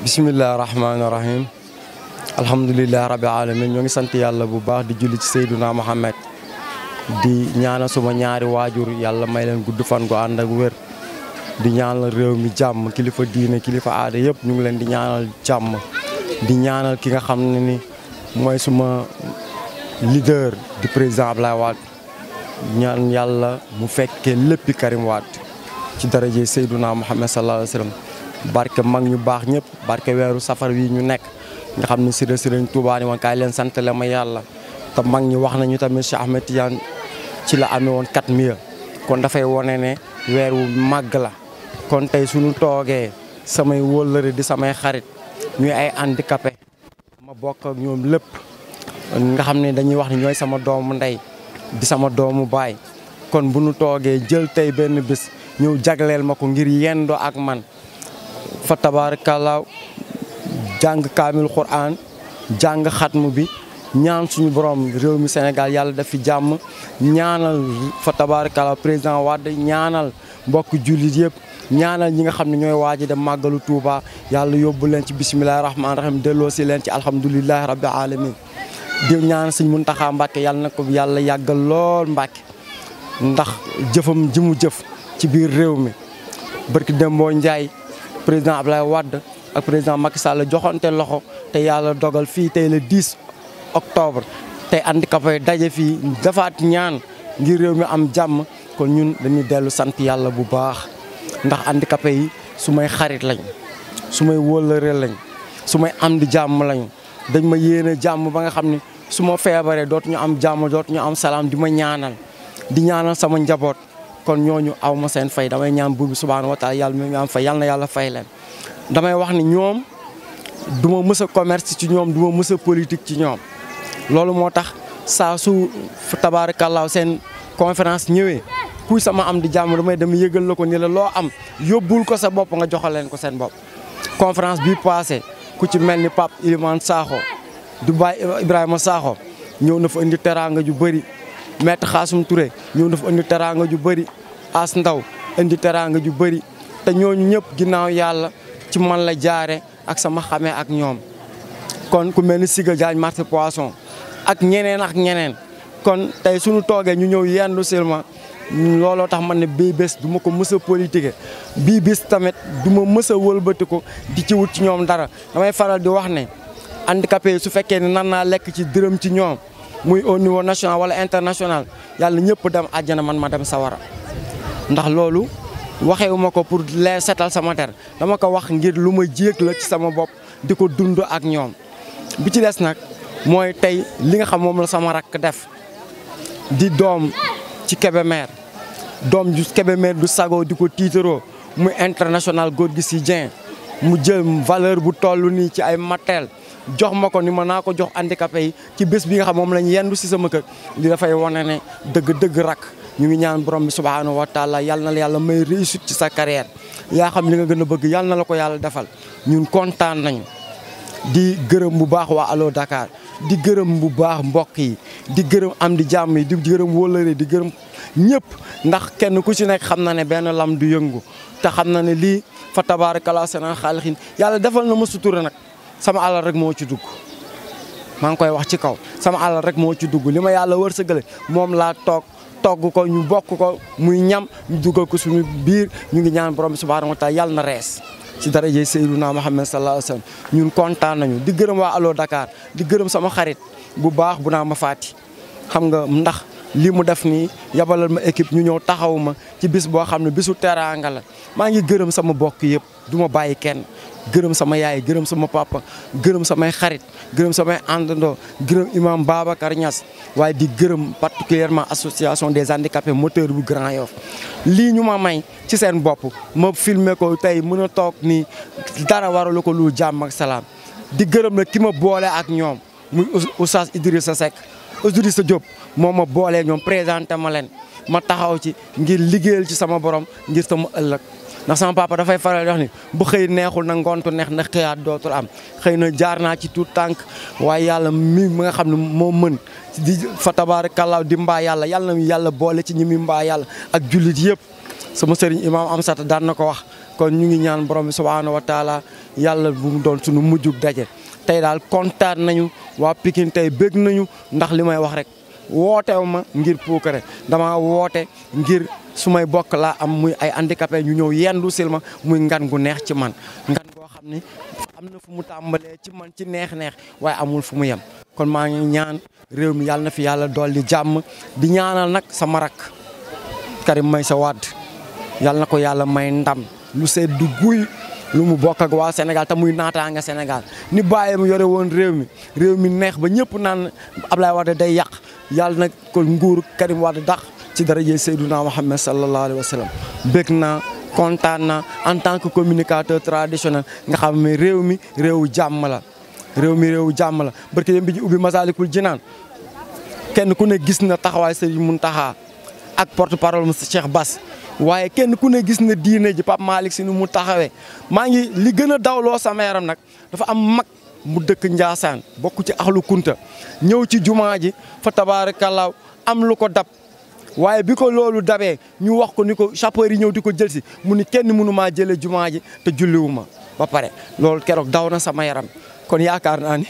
bisimilah rahmaani rahim alhamdulilah rabi alamin ñoo ngi sant yàlla bu baax di julli ci Seyduna Mohamed di ñaanal suma ñaari waajur yàlla may leen gudd fan gu ànd ak wér di ñaanal réew mi jàmm kilifa diine kilifa aada yëpp ñu ngi leen di ñaanal jàmm di ñaanal ki nga xam ne ni mooy suma leader di président Ablaye Wade ñaan yàlla mu fekkee léppi Karim Wade ci daraje Seyduna Mohamed sallallahu alayhi barke mag ñu baax ñëpp barke weeru safar wi ñu nekk nga xam ne siré sëriñ ni woon kaay leen sant la ma yàlla te mag ñi wax nañu tamit Cheikh Ahmed Tidiane ci la kat ya. kon dafay wane ne weer wu màgg la kon tey suñu toogee samay wóllëre di samay xarit ñuy ay handicapé ma bokk ak ñoom lépp nga xam dañuy wax ne ñooy sama doomu di sama doomu bay. kon bu ñu toogee jël tey benn bis ñëw jagleel ma ngir yendoo ak man fa tabarakallah jang kamil qur'an jang khatmu bi ñaan suñu borom réew mi sénégal yàlla da fi jàmm ñaanal fa tabarakallah président wadd ñaanal mbokk jullit yëpp ñaanal ñi nga xam ne ñooy waaji dem touba ci rahman rahim ci alhamdulilahi rabbi alamin di ñaan suñ muntaxa mbàkke yàlla na galol yàlla yàggal lool mbàkke ndax jëfam ji jëf ci mi barki demboo président Ablaye Wade ak président Macky Sall joxante loxo te yàlla dogal fii tey le 10 octobre tey handicapé daje fii dafaat ñaan ngir réew mi am jàmm kon ñun dañuy dellu sant yàlla bu baax ndax handicapé yi su may xarit lañ su may wóllëre lañ su may am jàmm lañu dañ ma yéene jàmm ba nga xam ni su ma feebaree dootuñu am jàmm dootuñu am salaam di ma ñaanal di ñaanal sama njaboot kon ñooñu aw ma seen fay damay ñaan buur bi subhaanahu wa taala yàlla mi nga am fay yàlla na yàlla fay leen damay wax ni ñoom du ma mës a commerce ci ñoom du ma mës politique ci ñoom loolu moo tax su tabaarakallaaw seen conférence ñëwee kuy sama am di jàmm damay dem yëgal la ni la loo am yobul ko sa bopp nga joxal leen ko seen bopp conférence bi passé ku ci mel ni Pape Ilimane Sakho Ibrahima Sakho ñëw na fa indi teraanga ju bëri maître Xaasum Touré ñëw na fa indi teraanga ju bëri as ndaw indi teraanga ju bëri te ñooñu ñëpp ginnaaw yàlla ci man la jaare ak sama xamee ak ñoom kon ku mel ni Siga Diagne marché poisson ak ñeneen ak ñeneen kon tey suñu toogee ñu ñëw yendu silma looloo tax man ne bii bés ma ko mës a politique bii bés tamit du ma mës a di ci wut ci ñoom dara damay faral di wax ne handicapé yi su fekkee ne nan naa lekk ci dërëm ci ñoom muy au niveau national wala international yàlla ñëpp dem àjjana man ma dem sawara ndax loolu waxewuma ko pour les setal sama der dama ko wax ngir lu ma la ci sama bopp diko ko dund ak ñoom bi ci des nag mooy tey li nga xam la sama rakk def di dom ci mer, dom ju Kébémer du sago diko ko tiitaroo mu international good gi si mu jël valeur bu toll nii ci ay matel. jox ma ko ni ma ko jox handicapé yi ci bés bi nga xam moom lañ yendu si sama kër li dafay wane ne dëgg ñu ngi ñaan borom bi subhanahu wa taala yàlla na la yàlla may réussite ci sa carrière yaa xam li nga gën bëgg yàlla na la ko yàlla defal ñun kontaan nañu di gërëm bu baax waa allo Dakar di gërëm bu baax mbokk yi di gërëm am di yi di gërëm wóllëre di gërëm ñëpp ndax kenn ku ci nekk xam na ne benn lam du yëngu te xam na ne lii fa tabaarakala sena xaalixin yàlla defal na ma sutura nag sama alal rek moo ci dugg maa koy wax ci kaw sama alal rek moo ci dugg li ma yàlla wërsëgale moom laa togg ko ñu bokk ko muy ñam ñu dugal ko suñu biir ñu ngi ñaan borom subhaanahu wa taala yàlla na rees ci dara jey Seydina Muhammad sallallahu alayhi wa sallam ñun kontaan nañu di gërëm waa Allo dakaar di gërëm sama xarit bu baax bu naa ma fàtti xam nga ndax li mu def nii yabalal ma équipe ñu ñëw taxaw ma ci bis boo xam ne bisu teraanga la maa ngi gërëm sama bokk yëpp du ma bàyyi kenn gërëm sama yaay gërëm sama papa gërëm samay xarit gërëm samay àndandoo gërëm imam Babacar Niass waaye di gërëm particulièrement association des handicapés moteurs bu Grand Yoff lii ñu ma may ci seen bopp ma filmer ko tey mën a toog ni dara waralu ko lu jàmm ak salaam di gërëm na ki ma boole ak ñoom muy Oustaz Idrissa Seck sa Diop moo ma boolee ñoom présenté ma leen ma taxaw ci ngir liggéeyal ci sama borom ngir sama ëllëg ndax sama papa dafay faral di wax ni bu xëy neexul na ngontu neex na xëyaat dootul am xëy na jaar naa ci tu tànk waaye yàlla mi mi nga xam ne moo mën di fa tabaarakallaa di mbaa yàlla yàlla yàlla boole ci ñi mi mbaa yàlla ak jullit yëpp sama sëriñ imaam Amsata daan na ko wax kon ñu ngi ñaan borom bi subhaanahu wa taala yàlla bu mu doon suñu mujjug daje tey daal kontaan nañu waa pikin tey bëgg nañu ndax li may wax rek wootew ma ngir puukare dama woote ngir su may bokk laa am muy ay handicapé ñu ñëw yendu sil muy ngan gu neex ci man ngan goo xam ni am na fu mu tàmbalee ci man ci neex-neex way amul fu mu yem kon maa ngi ñaan réew mi yàlla na fi yàlla dolli jàmm di ñaanal nak sama rak Karim Meïssa Wade yàlla na ko yàlla may ndam lu sedd du guy lu mu bokk ak waa Sénégal te muy naataanga Sénégal ni bàyyam yore won réew mi mi neex ba ñëpp naan Ablaye Wade day yàq yàlla ko nguur Karim ci daraje Seydouna Mohamed sallallahu alayhi wa bëgg naa kontaan naa en tant que communicateur traditionnel nga xam ne réew mi réewu jàmm la réew mi réewu jàmm la barke dem bi ñu ubbi Masaalikul naan kenn ku ne gis na taxawaay Serigne taxa ak porte parole mu Cheikh Bass waaye kenn ku ne gis na diine ji Pape Malick si nu mu taxawe maa ngi li gën a dawloo sama yaram nag dafa am mag mu dëkk Njaasaan bokk ci axlu kunta ñëw ci jumaa ji fa tabaarakallaaw waaye bi ko loolu dabee ñu wax ko ni ko sapeur yi ñëw di ko jël si mu ni kenn mënu maa jëlee jumaa ji te julliwu ma ba pare loolu keroog daw na sama yaram kon yaakaar naa ni